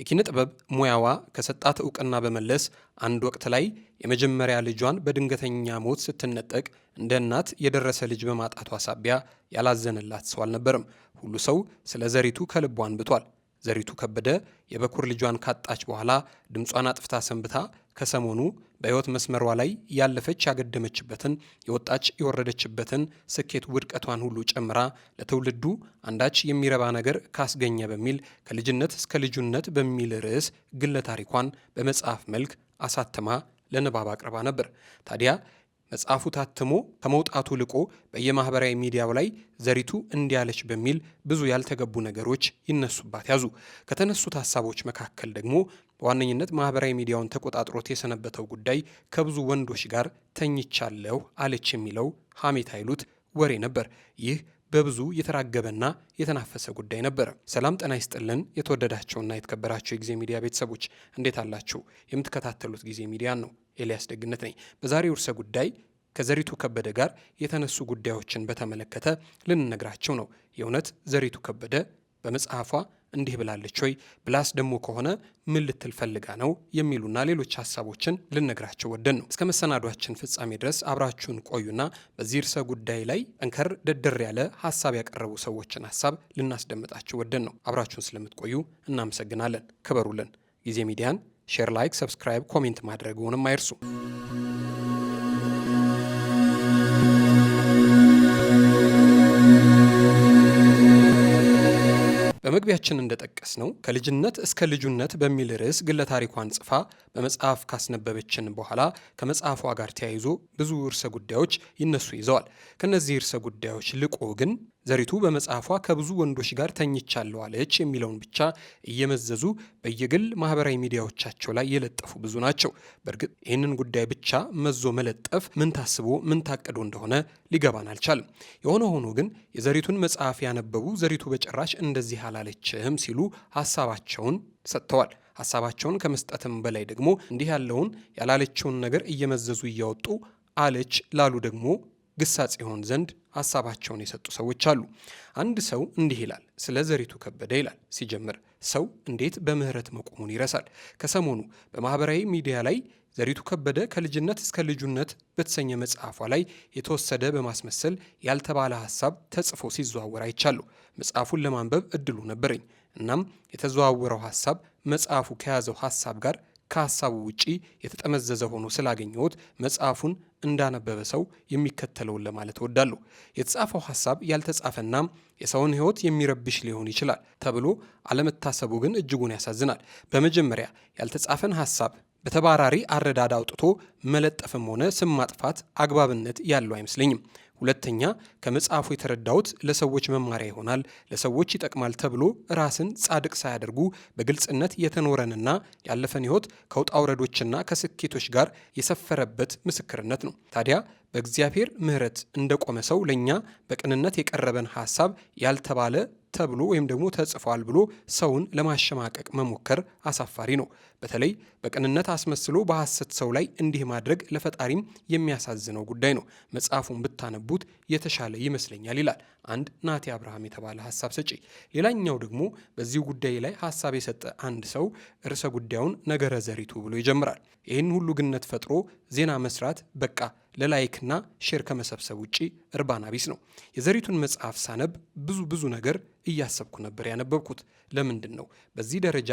የኪነ ጥበብ ሙያዋ ከሰጣት እውቅና በመለስ አንድ ወቅት ላይ የመጀመሪያ ልጇን በድንገተኛ ሞት ስትነጠቅ እንደ እናት የደረሰ ልጅ በማጣቷ ሳቢያ ያላዘነላት ሰው አልነበርም። ሁሉ ሰው ስለ ዘሪቱ ከልቧ አንብቷል። ዘሪቱ ከበደ የበኩር ልጇን ካጣች በኋላ ድምጿን አጥፍታ ሰንብታ ከሰሞኑ በሕይወት መስመሯ ላይ ያለፈች ያገደመችበትን የወጣች የወረደችበትን ስኬት ውድቀቷን ሁሉ ጨምራ ለትውልዱ አንዳች የሚረባ ነገር ካስገኘ በሚል ከልጅነት እስከ ልጁነት በሚል ርዕስ ግለ ታሪኳን በመጽሐፍ መልክ አሳትማ ለንባብ አቅርባ ነበር። ታዲያ መጽሐፉ ታትሞ ከመውጣቱ ልቆ በየማህበራዊ ሚዲያው ላይ ዘሪቱ እንዲያለች በሚል ብዙ ያልተገቡ ነገሮች ይነሱባት ያዙ። ከተነሱት ሀሳቦች መካከል ደግሞ በዋነኝነት ማህበራዊ ሚዲያውን ተቆጣጥሮት የሰነበተው ጉዳይ ከብዙ ወንዶች ጋር ተኝቻለሁ አለች የሚለው ሐሜት አይሉት ወሬ ነበር። ይህ በብዙ የተራገበና የተናፈሰ ጉዳይ ነበረ። ሰላም ጤና ይስጥልን። የተወደዳቸውና የተከበራቸው የጊዜ ሚዲያ ቤተሰቦች እንዴት አላችሁ? የምትከታተሉት ጊዜ ሚዲያን ነው። ኤልያስ ደግነት ነኝ። በዛሬው ርዕሰ ጉዳይ ከዘሪቱ ከበደ ጋር የተነሱ ጉዳዮችን በተመለከተ ልንነግራቸው ነው። የእውነት ዘሪቱ ከበደ በመጽሐፏ እንዲህ ብላለች ወይ ብላስ ደግሞ ከሆነ ምን ልትል ፈልጋ ነው የሚሉና ሌሎች ሀሳቦችን ልነግራቸው ወደን ነው። እስከ መሰናዷችን ፍጻሜ ድረስ አብራችሁን ቆዩና በዚህ ርዕሰ ጉዳይ ላይ ጠንከር ደደር ያለ ሀሳብ ያቀረቡ ሰዎችን ሀሳብ ልናስደምጣቸው ወደን ነው። አብራችሁን ስለምትቆዩ እናመሰግናለን። ክበሩልን። ጊዜ ሚዲያን ሼር፣ ላይክ፣ ሰብስክራይብ፣ ኮሜንት ሆንም አይርሱ። በመግቢያችን እንደጠቀስ ነው ከልጅነት እስከ ልጁነት በሚል ርዕስ ግለ ታሪኳን ጽፋ በመጽሐፍ ካስነበበችን በኋላ ከመጽሐፏ ጋር ተያይዞ ብዙ እርሰ ጉዳዮች ይነሱ ይዘዋል። ከነዚህ እርሰ ጉዳዮች ልቆ ግን ዘሪቱ በመጽሐፏ ከብዙ ወንዶች ጋር ተኝቻለሁ አለች የሚለውን ብቻ እየመዘዙ በየግል ማህበራዊ ሚዲያዎቻቸው ላይ የለጠፉ ብዙ ናቸው። በእርግጥ ይህንን ጉዳይ ብቻ መዞ መለጠፍ ምን ታስቦ ምን ታቅዶ እንደሆነ ሊገባን አልቻልም። የሆነ ሆኖ ግን የዘሪቱን መጽሐፍ ያነበቡ ዘሪቱ በጭራሽ እንደዚህ አላለችህም ሲሉ ሀሳባቸውን ሰጥተዋል። ሀሳባቸውን ከመስጠትም በላይ ደግሞ እንዲህ ያለውን ያላለችውን ነገር እየመዘዙ እያወጡ አለች ላሉ ደግሞ ግሳጽ ይሆን ዘንድ ሀሳባቸውን የሰጡ ሰዎች አሉ። አንድ ሰው እንዲህ ይላል፣ ስለ ዘሪቱ ከበደ ይላል። ሲጀምር ሰው እንዴት በምህረት መቆሙን ይረሳል? ከሰሞኑ በማህበራዊ ሚዲያ ላይ ዘሪቱ ከበደ ከልጅነት እስከ ልጁነት በተሰኘ መጽሐፏ ላይ የተወሰደ በማስመሰል ያልተባለ ሀሳብ ተጽፎ ሲዘዋወር አይቻለሁ። መጽሐፉን ለማንበብ እድሉ ነበረኝ። እናም የተዘዋወረው ሀሳብ መጽሐፉ ከያዘው ሀሳብ ጋር ከሀሳቡ ውጪ የተጠመዘዘ ሆኖ ስላገኘሁት መጽሐፉን እንዳነበበ ሰው የሚከተለውን ለማለት እወዳለሁ። የተጻፈው ሀሳብ ያልተጻፈና የሰውን ሕይወት የሚረብሽ ሊሆን ይችላል ተብሎ አለመታሰቡ ግን እጅጉን ያሳዝናል። በመጀመሪያ ያልተጻፈን ሀሳብ በተባራሪ አረዳድ አውጥቶ መለጠፍም ሆነ ስም ማጥፋት አግባብነት ያለው አይመስለኝም። ሁለተኛ ከመጽሐፉ የተረዳሁት ለሰዎች መማሪያ ይሆናል፣ ለሰዎች ይጠቅማል ተብሎ ራስን ጻድቅ ሳያደርጉ በግልጽነት የተኖረንና ያለፈን ሕይወት ከውጣ ውረዶችና ከስኬቶች ጋር የሰፈረበት ምስክርነት ነው። ታዲያ በእግዚአብሔር ምሕረት እንደቆመ ሰው ለእኛ በቅንነት የቀረበን ሐሳብ ያልተባለ ተብሎ ወይም ደግሞ ተጽፏል ብሎ ሰውን ለማሸማቀቅ መሞከር አሳፋሪ ነው። በተለይ በቅንነት አስመስሎ በሐሰት ሰው ላይ እንዲህ ማድረግ ለፈጣሪም የሚያሳዝነው ጉዳይ ነው። መጽሐፉን ብታነቡት የተሻለ ይመስለኛል ይላል አንድ ናቴ አብርሃም የተባለ ሀሳብ ሰጪ። ሌላኛው ደግሞ በዚሁ ጉዳይ ላይ ሀሳብ የሰጠ አንድ ሰው ርዕሰ ጉዳዩን ነገረ ዘሪቱ ብሎ ይጀምራል። ይህን ሁሉ ግነት ፈጥሮ ዜና መስራት በቃ ለላይክና ሼር ከመሰብሰብ ውጪ እርባና ቢስ ነው። የዘሪቱን መጽሐፍ ሳነብ ብዙ ብዙ ነገር እያሰብኩ ነበር ያነበብኩት። ለምንድን ነው በዚህ ደረጃ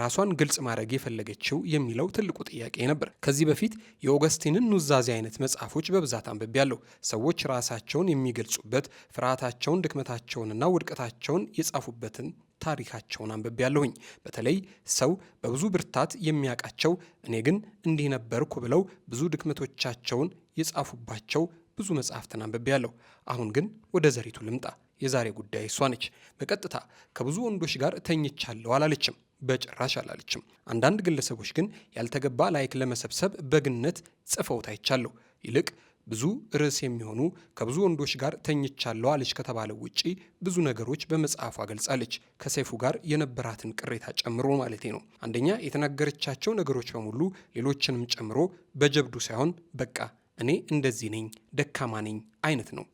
ራሷን ግልጽ ማድረግ የፈለገችው የሚለው ትልቁ ጥያቄ ነበር። ከዚህ በፊት የኦገስቲንን ኑዛዜ አይነት መጽሐፎች በብዛት አንብቤያለሁ። ሰዎች ራሳቸውን የሚገልጹበት ፍርሃታቸውን፣ ድክመታቸውንና ውድቀታቸውን የጻፉበትን ታሪካቸውን አንብቤያለሁኝ። በተለይ ሰው በብዙ ብርታት የሚያውቃቸው እኔ ግን እንዲህ ነበርኩ ብለው ብዙ ድክመቶቻቸውን የጻፉባቸው ብዙ መጽሐፍትን አንብቤያለሁ። አሁን ግን ወደ ዘሪቱ ልምጣ። የዛሬ ጉዳይ እሷ ነች። በቀጥታ ከብዙ ወንዶች ጋር ተኝቻለሁ አላለችም፣ በጭራሽ አላለችም። አንዳንድ ግለሰቦች ግን ያልተገባ ላይክ ለመሰብሰብ በግነት ጽፈውት አይቻለሁ። ይልቅ ብዙ ርዕስ የሚሆኑ ከብዙ ወንዶች ጋር ተኝቻለሁ አለች ከተባለው ውጪ ብዙ ነገሮች በመጽሐፏ ገልጻለች። ከሰይፉ ጋር የነበራትን ቅሬታ ጨምሮ ማለቴ ነው። አንደኛ የተናገረቻቸው ነገሮች በሙሉ ሌሎችንም ጨምሮ በጀብዱ ሳይሆን በቃ እኔ እንደዚህ ነኝ፣ ደካማ ነኝ አይነት ነው።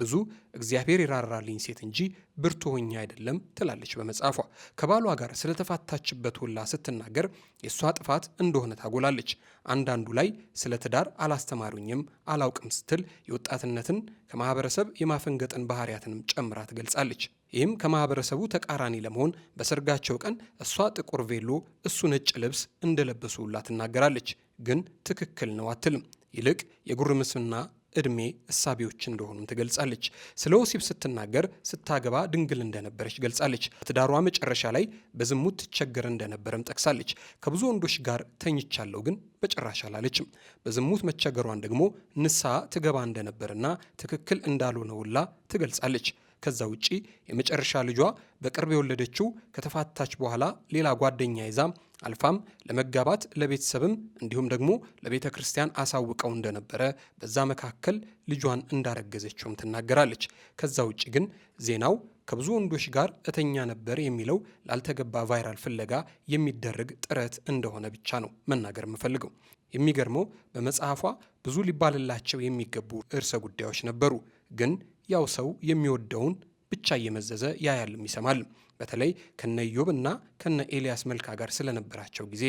ብዙ እግዚአብሔር የራራልኝ ሴት እንጂ ብርቱ ሆኜ አይደለም ትላለች በመጽሐፏ። ከባሏ ጋር ስለተፋታችበት ሁላ ስትናገር የእሷ ጥፋት እንደሆነ ታጎላለች። አንዳንዱ ላይ ስለ ትዳር አላስተማሩኝም አላውቅም ስትል የወጣትነትን ከማህበረሰብ የማፈንገጥን ባህሪያትንም ጨምራ ትገልጻለች። ይህም ከማህበረሰቡ ተቃራኒ ለመሆን በሰርጋቸው ቀን እሷ ጥቁር ቬሎ፣ እሱ ነጭ ልብስ እንደለበሱ ሁላ ትናገራለች። ግን ትክክል ነው አትልም። ይልቅ የጉርምስና እድሜ እሳቢዎች እንደሆኑም ትገልጻለች። ስለ ወሲብ ስትናገር ስታገባ ድንግል እንደነበረች ገልጻለች። ትዳሯ መጨረሻ ላይ በዝሙት ትቸገር እንደነበረም ጠቅሳለች። ከብዙ ወንዶች ጋር ተኝቻለሁ ግን በጭራሽ አላለችም። በዝሙት መቸገሯን ደግሞ ንስሐ ትገባ እንደነበርና ትክክል እንዳልሆነ ሁላ ትገልጻለች። ከዛ ውጪ የመጨረሻ ልጇ በቅርብ የወለደችው ከተፋታች በኋላ ሌላ ጓደኛ ይዛም አልፋም ለመጋባት ለቤተሰብም እንዲሁም ደግሞ ለቤተ ክርስቲያን አሳውቀው እንደነበረ በዛ መካከል ልጇን እንዳረገዘችውም ትናገራለች። ከዛ ውጭ ግን ዜናው ከብዙ ወንዶች ጋር እተኛ ነበር የሚለው ላልተገባ ቫይራል ፍለጋ የሚደረግ ጥረት እንደሆነ ብቻ ነው መናገር የምፈልገው። የሚገርመው በመጽሐፏ ብዙ ሊባልላቸው የሚገቡ ርዕሰ ጉዳዮች ነበሩ። ግን ያው ሰው የሚወደውን ብቻ እየመዘዘ ያያልም ይሰማል። በተለይ ከነ ኢዮብና ከነ ኤልያስ መልካ ጋር ስለነበራቸው ጊዜ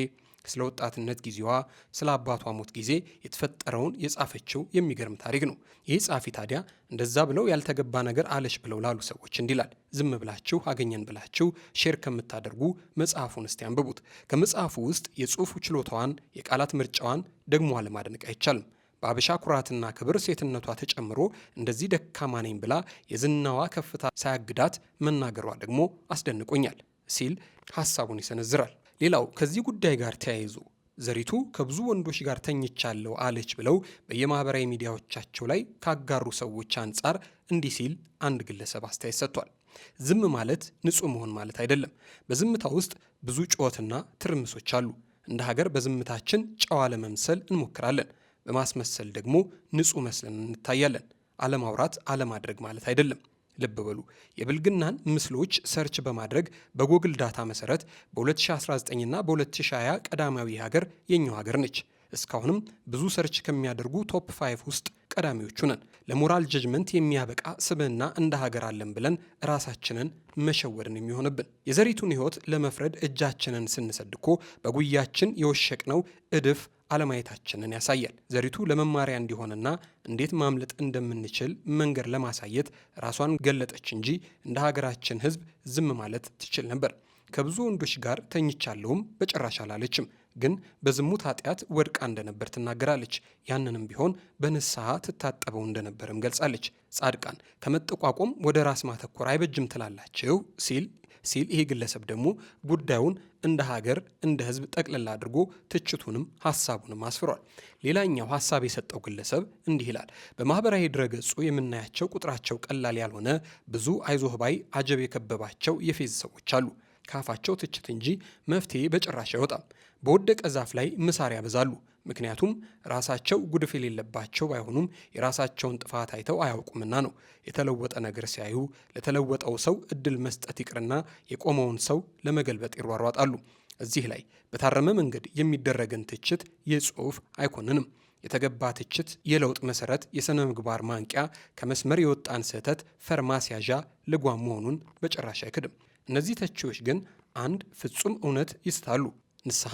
ስለ ወጣትነት ጊዜዋ ስለ አባቷ ሞት ጊዜ የተፈጠረውን የጻፈችው የሚገርም ታሪክ ነው። ይህ ጻፊ ታዲያ እንደዛ ብለው ያልተገባ ነገር አለች ብለው ላሉ ሰዎች እንዲላል ዝም ብላችሁ አገኘን ብላችሁ ሼር ከምታደርጉ መጽሐፉን እስቲ አንብቡት። ከመጽሐፉ ውስጥ የጽሑፉ ችሎታዋን የቃላት ምርጫዋን ደግሞ አለማድነቅ አይቻልም። በአበሻ ኩራትና ክብር ሴትነቷ ተጨምሮ እንደዚህ ደካማ ነኝ ብላ የዝናዋ ከፍታ ሳያግዳት መናገሯ ደግሞ አስደንቆኛል ሲል ሀሳቡን ይሰነዝራል። ሌላው ከዚህ ጉዳይ ጋር ተያይዞ ዘሪቱ ከብዙ ወንዶች ጋር ተኝቻለሁ አለች ብለው በየማህበራዊ ሚዲያዎቻቸው ላይ ካጋሩ ሰዎች አንጻር እንዲህ ሲል አንድ ግለሰብ አስተያየት ሰጥቷል። ዝም ማለት ንጹህ መሆን ማለት አይደለም። በዝምታ ውስጥ ብዙ ጩኸትና ትርምሶች አሉ። እንደ ሀገር በዝምታችን ጨዋ ለመምሰል እንሞክራለን። በማስመሰል ደግሞ ንጹህ መስለን እንታያለን። አለማውራት አለማድረግ ማለት አይደለም። ልብ በሉ። የብልግናን ምስሎች ሰርች በማድረግ በጎግል ዳታ መሰረት በ2019ና በ2020 ቀዳማዊ ሀገር የኛው ሀገር ነች። እስካሁንም ብዙ ሰርች ከሚያደርጉ ቶፕ ፋይቭ ውስጥ ቀዳሚዎቹ ነን። ለሞራል ጀጅመንት የሚያበቃ ስብዕና እንደ ሀገር አለን ብለን ራሳችንን መሸወድን የሚሆንብን። የዘሪቱን ሕይወት ለመፍረድ እጃችንን ስንሰድኮ በጉያችን የወሸቅነው እድፍ አለማየታችንን ያሳያል። ዘሪቱ ለመማሪያ እንዲሆንና እንዴት ማምለጥ እንደምንችል መንገድ ለማሳየት ራሷን ገለጠች እንጂ እንደ ሀገራችን ሕዝብ ዝም ማለት ትችል ነበር። ከብዙ ወንዶች ጋር ተኝቻለሁም በጭራሽ አላለችም። ግን በዝሙት ኃጢአት ወድቃ እንደነበር ትናገራለች። ያንንም ቢሆን በንስሐ ትታጠበው እንደነበርም ገልጻለች። ጻድቃን ከመጠቋቆም ወደ ራስ ማተኮር አይበጅም ትላላችሁ ሲል ሲል ይህ ግለሰብ ደግሞ ጉዳዩን እንደ ሀገር እንደ ህዝብ ጠቅልላ አድርጎ ትችቱንም ሀሳቡንም አስፍሯል። ሌላኛው ሀሳብ የሰጠው ግለሰብ እንዲህ ይላል። በማህበራዊ ድረገጹ የምናያቸው ቁጥራቸው ቀላል ያልሆነ ብዙ አይዞህ ባይ አጀብ የከበባቸው የፌዝ ሰዎች አሉ። ከአፋቸው ትችት እንጂ መፍትሄ በጭራሽ አይወጣም። በወደቀ ዛፍ ላይ ምሳር ያበዛሉ። ምክንያቱም ራሳቸው ጉድፍ የሌለባቸው ባይሆኑም የራሳቸውን ጥፋት አይተው አያውቁምና ነው። የተለወጠ ነገር ሲያዩ ለተለወጠው ሰው እድል መስጠት ይቅርና የቆመውን ሰው ለመገልበጥ ይሯሯጣሉ። እዚህ ላይ በታረመ መንገድ የሚደረግን ትችት ይህ አይኮንንም። የተገባ ትችት፣ የለውጥ መሰረት፣ የሥነ ምግባር ማንቂያ፣ ከመስመር የወጣን ስህተት ፈርማስያዣ ልጓም መሆኑን በጭራሽ አይክድም። እነዚህ ተቺዎች ግን አንድ ፍጹም እውነት ይስታሉ። ንስሐ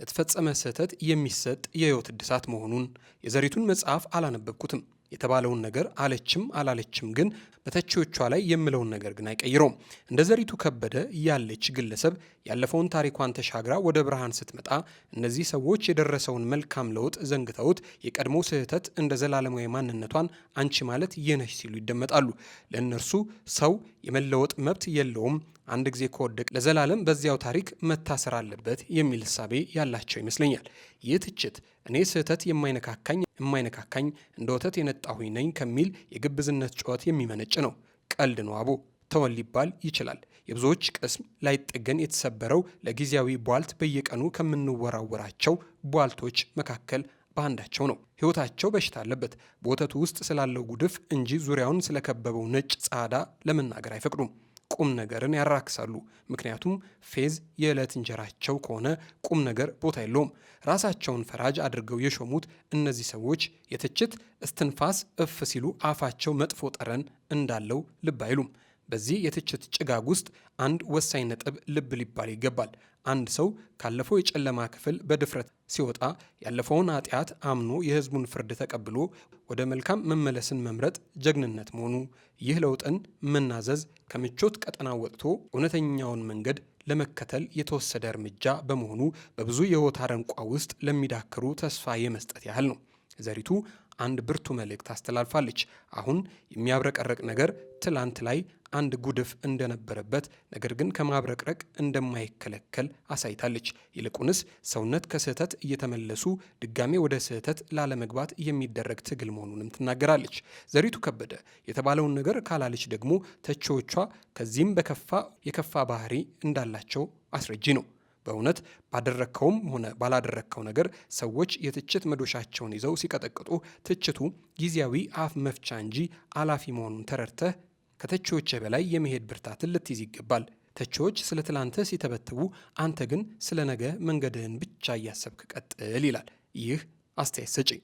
ለተፈጸመ ስህተት የሚሰጥ የህይወት እድሳት መሆኑን የዘሪቱን መጽሐፍ አላነበብኩትም የተባለውን ነገር አለችም አላለችም ግን በተቺዎቿ ላይ የምለውን ነገር ግን አይቀይረውም። እንደ ዘሪቱ ከበደ ያለች ግለሰብ ያለፈውን ታሪኳን ተሻግራ ወደ ብርሃን ስትመጣ እነዚህ ሰዎች የደረሰውን መልካም ለውጥ ዘንግተውት የቀድሞ ስህተት እንደ ዘላለማዊ ማንነቷን አንቺ ማለት የነሽ ሲሉ ይደመጣሉ። ለእነርሱ ሰው የመለወጥ መብት የለውም አንድ ጊዜ ከወደቅ ለዘላለም በዚያው ታሪክ መታሰር አለበት የሚል እሳቤ ያላቸው ይመስለኛል። ይህ ትችት እኔ ስህተት የማይነካካኝ የማይነካካኝ እንደ ወተት የነጣሁኝ ነኝ ከሚል የግብዝነት ጩኸት የሚመነጭ ነው። ቀልድ ነው አቦ ተወን ሊባል ይችላል። የብዙዎች ቅስም ላይጠገን የተሰበረው ለጊዜያዊ ቧልት በየቀኑ ከምንወራወራቸው ቧልቶች መካከል በአንዳቸው ነው። ሕይወታቸው በሽታ አለበት። በወተቱ ውስጥ ስላለው ጉድፍ እንጂ ዙሪያውን ስለከበበው ነጭ ጻዳ ለመናገር አይፈቅዱም። ቁም ነገርን ያራክሳሉ። ምክንያቱም ፌዝ የዕለት እንጀራቸው ከሆነ ቁም ነገር ቦታ የለውም። ራሳቸውን ፈራጅ አድርገው የሾሙት እነዚህ ሰዎች የትችት እስትንፋስ እፍ ሲሉ አፋቸው መጥፎ ጠረን እንዳለው ልብ አይሉም። በዚህ የትችት ጭጋግ ውስጥ አንድ ወሳኝ ነጥብ ልብ ሊባል ይገባል። አንድ ሰው ካለፈው የጨለማ ክፍል በድፍረት ሲወጣ ያለፈውን ኃጢአት አምኖ የህዝቡን ፍርድ ተቀብሎ ወደ መልካም መመለስን መምረጥ ጀግንነት መሆኑ ይህ ለውጥን መናዘዝ ከምቾት ቀጠና ወጥቶ እውነተኛውን መንገድ ለመከተል የተወሰደ እርምጃ በመሆኑ በብዙ የህይወት አረንቋ ውስጥ ለሚዳክሩ ተስፋ የመስጠት ያህል ነው። ዘሪቱ አንድ ብርቱ መልእክት አስተላልፋለች። አሁን የሚያብረቀረቅ ነገር ትላንት ላይ አንድ ጉድፍ እንደነበረበት ነገር ግን ከማብረቅረቅ እንደማይከለከል አሳይታለች። ይልቁንስ ሰውነት ከስህተት እየተመለሱ ድጋሜ ወደ ስህተት ላለመግባት የሚደረግ ትግል መሆኑንም ትናገራለች። ዘሪቱ ከበደ የተባለውን ነገር ካላለች ደግሞ ተቺዎቿ ከዚህም በከፋ የከፋ ባህሪ እንዳላቸው አስረጂ ነው። በእውነት ባደረግከውም ሆነ ባላደረግከው ነገር ሰዎች የትችት መዶሻቸውን ይዘው ሲቀጠቅጡ ትችቱ ጊዜያዊ አፍ መፍቻ እንጂ አላፊ መሆኑን ተረድተህ ከተቺዎች በላይ የመሄድ ብርታትን ልትይዝ ይገባል። ተቺዎች ስለ ትላንትህ ሲተበትቡ፣ አንተ ግን ስለ ነገ መንገድህን ብቻ እያሰብክ ቀጥል ይላል ይህ አስተያየት ሰጪ።